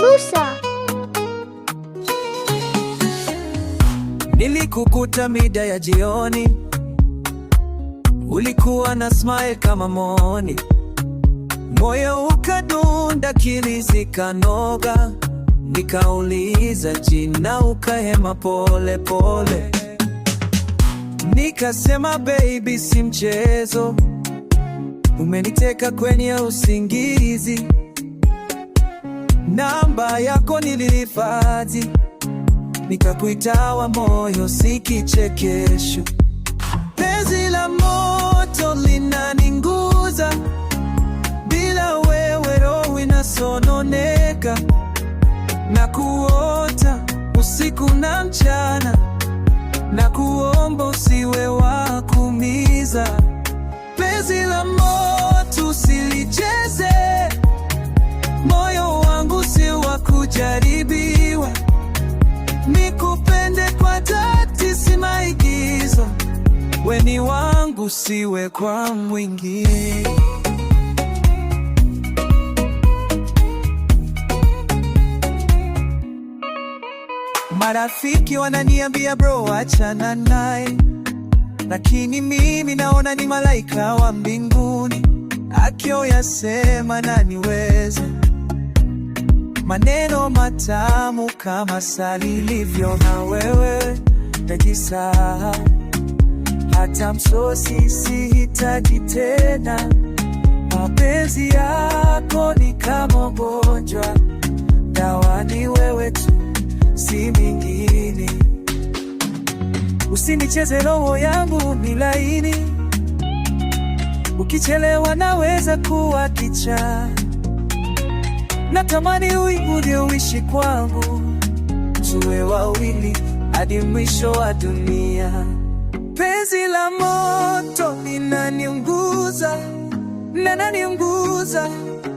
Musa, nilikukuta mida ya jioni, ulikuwa na smile kama moni, moyo ukadunda, kilizi kanoga, nikauliza jina, ukahema pole pole, nikasema baby, si mchezo umeniteka kwenye usingizi, namba yako nilihifadhi, nikakuitawa moyo si kichekesho. Penzi la moto linaninguza, bila wewe roho inasononeka na kuota usiku na mchana, na kuomba usiwe weni wangu siwe kwa mwingine. Marafiki wananiambia bro, achana naye, lakini mimi naona ni malaika wa mbinguni akioyasema naniweze maneno matamu kama salilivyo na wewe tajisahau hata msosi sihitaji tena. Mapenzi yako ni kama ugonjwa, dawa ni wewe tu, si mingine. Usinicheze roho yangu ni laini, ukichelewa naweza kuwa kicha. Natamani uiguje uishi kwangu, tuwe wawili hadi mwisho wa dunia. Penzi la moto linaniunguza, linaniunguza